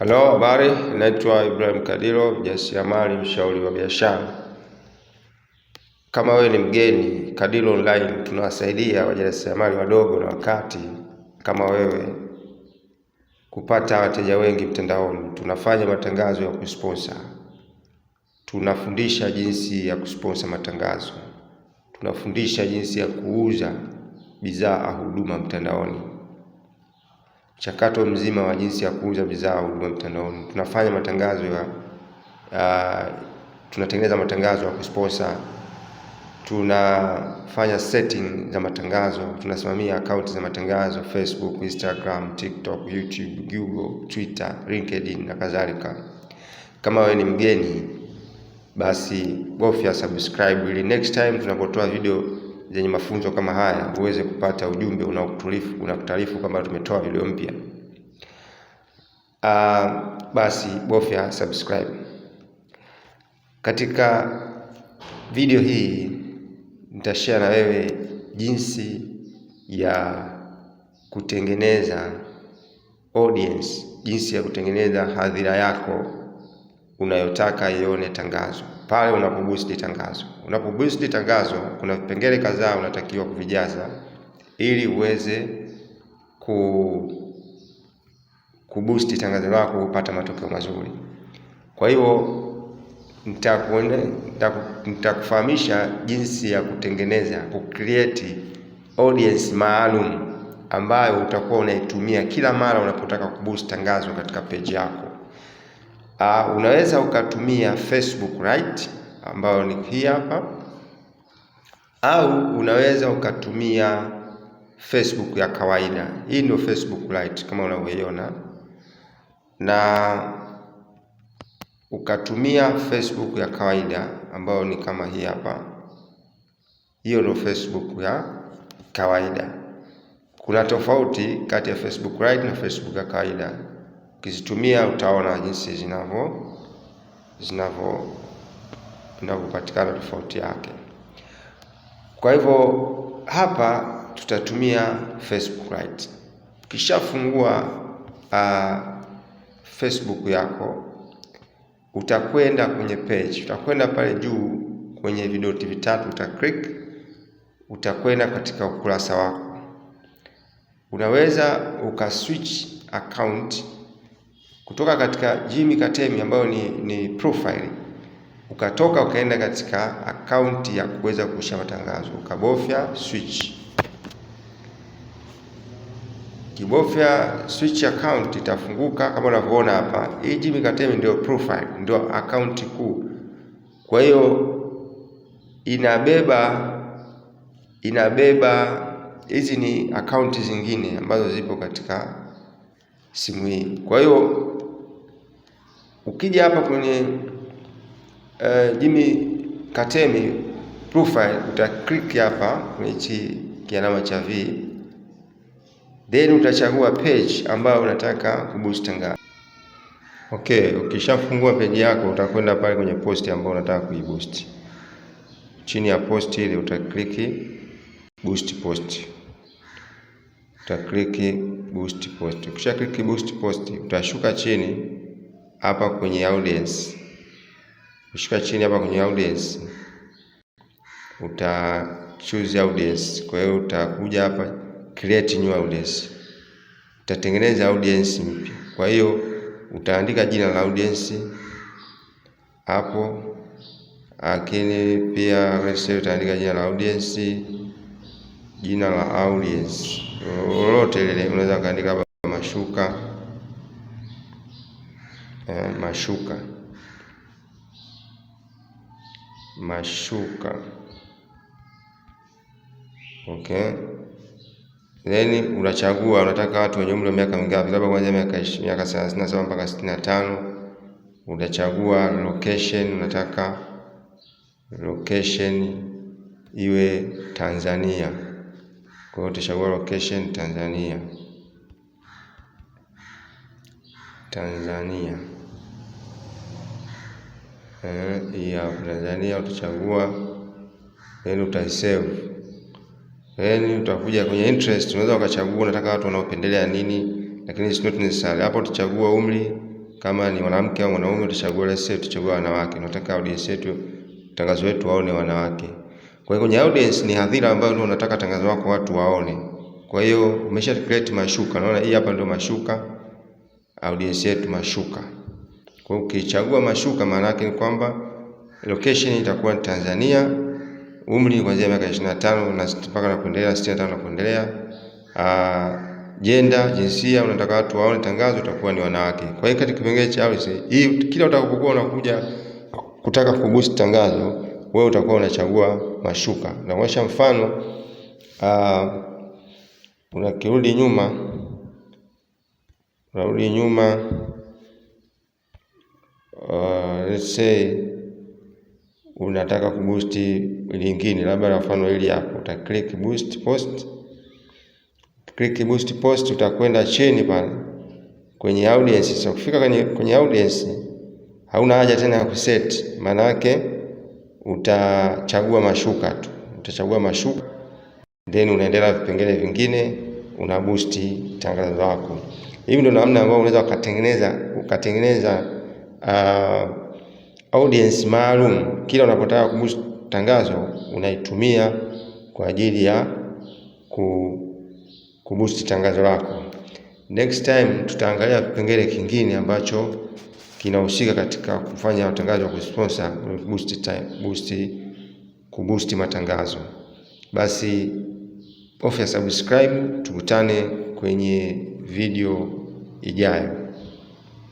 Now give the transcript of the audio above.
Halo, habari. Naitwa Ibrahim Kadilo, mjasiriamali, mshauri wa biashara. Kama wewe ni mgeni, Kadilo Online tunawasaidia wajasiriamali wadogo na wakati kama wewe kupata wateja wengi mtandaoni. Tunafanya matangazo ya kusponsor, tunafundisha jinsi ya kusponsor matangazo, tunafundisha jinsi ya kuuza bidhaa au huduma mtandaoni mchakato mzima wa jinsi ya kuuza bidhaa huduma mtandaoni. Tunafanya matangazo ya uh, tunatengeneza matangazo ya kusponsor, tunafanya setting za matangazo, tunasimamia akaunti za matangazo Facebook, Instagram, TikTok, YouTube, Google, Twitter, LinkedIn na kadhalika. Kama wewe ni mgeni, basi bofya subscribe ili next time tunapotoa video zenye mafunzo kama haya uweze kupata ujumbe unaokutulifu unakutaarifu kwamba tumetoa video mpya. Uh, basi bofya subscribe. Katika video hii nitashare na wewe jinsi ya kutengeneza audience, jinsi ya kutengeneza hadhira yako unayotaka ione tangazo pale unapoboost tangazo. Unapoboost tangazo, kuna vipengele kadhaa unatakiwa kuvijaza ili uweze ku kuboost tangazo lako upata matokeo mazuri. Kwa hiyo nitakuone nitakufahamisha jinsi ya kutengeneza ku create audience maalum ambayo utakuwa unaitumia kila mara unapotaka kuboost tangazo katika page yako. Uh, unaweza ukatumia Facebook right ambayo ni hii hapa, au unaweza ukatumia Facebook ya kawaida. Hii ndio Facebook right kama unavyoiona, na ukatumia Facebook ya kawaida ambayo ni kama hii hapa. Hiyo ndio Facebook ya kawaida. Kuna tofauti kati ya Facebook right na Facebook ya kawaida ukizitumia utaona jinsi zinavyo zinavyo vinavyopatikana tofauti yake. Kwa hivyo hapa tutatumia Facebook Lite. Ukishafungua uh, Facebook yako utakwenda kwenye page, utakwenda pale juu kwenye vidoti vitatu uta click, utakwenda katika ukurasa wako, unaweza ukaswitch account kutoka katika Jimmy Katemi ambayo ni, ni profile ukatoka ukaenda katika akaunti ya kuweza kurusha matangazo ukabofya switch. Ukibofya switch account itafunguka kama unavyoona hapa. Hii Jimmy Katemi ndio profile, ndio akaunti kuu, kwa hiyo inabeba inabeba hizi ni akaunti zingine ambazo zipo katika simu hii, kwa hiyo Ukija hapa kwenye uh, Jimmy Katemi profile uta click hapa kwenye hichi kialama cha V, then utachagua page ambayo unataka kuboost tangazo. Okay, ukishafungua peji yako utakwenda pale kwenye posti ambayo unataka kuiboost. Chini ya post ile click boost post, click boost post. click boost post utashuka chini hapa kwenye audience, ushuka chini hapa kwenye audience uta choose audience. Kwa hiyo utakuja hapa create new audience, utatengeneza audience mpya. Kwa hiyo utaandika jina la audience hapo, lakini pia utaandika jina la audience, jina la audience lolote lile unaweza ukaandika hapa mashuka Eh, mashuka mashuka, okay. Then unachagua unataka watu wenye umri wa miaka mingapi, labda kuanzia miaka thelathini na saba mpaka sitini na tano. Utachagua location, unataka location iwe Tanzania, kwa hiyo utachagua location Tanzania. Tanzania eh, ya Tanzania utachagua, then utaisave, then utakuja kwenye interest. Unaweza ukachagua unataka watu wanaopendelea nini, lakini it's not necessary. Hapo utachagua umri, kama ni mwanamke au mwanaume utachagua. Let's utachagua wanawake, unataka audience yetu, tangazo wetu waone wanawake. Kwa hiyo kwenye audience ni hadhira ambayo ndio unataka tangazo lako watu waone. Kwa hiyo umesha create mashuka, naona hii hapa ndio mashuka audience yetu mashuka. Kwa hiyo ukichagua mashuka, maana yake ni kwamba location itakuwa ni Tanzania, umri kuanzia miaka 25 na mpaka na kuendelea 65 na kuendelea. Ah, Jenda, jinsia, unataka watu waone tangazo itakuwa ni wanawake. Kwa hiyo katika kipengele cha audience hii, kila utakapokuwa unakuja kutaka kugusi tangazo, wewe utakuwa unachagua mashuka. Naonyesha mfano uh, ah, unakirudi nyuma Narudi nyuma uh, let's say unataka kuboost lingine, labda na mfano hili hapo, uta click boost post. Click boost post, utakwenda chini pale kwenye audience. So kufika kwenye, kwenye audience hauna haja tena ya kuset, maana yake utachagua mashuka tu, utachagua mashuka then unaendelea vipengele vingine, una boost tangazo lako. Hivi ndio namna ambayo unaweza ukatengeneza ukatengeneza uh, audience maalum. Kila unapotaka kuboost tangazo unaitumia kwa ajili ya ku kuboost tangazo lako. Next time tutaangalia kipengele kingine ambacho kinahusika katika kufanya matangazo ya kusponsor boost time, boost kuboost matangazo. Basi ofya subscribe, tukutane kwenye video и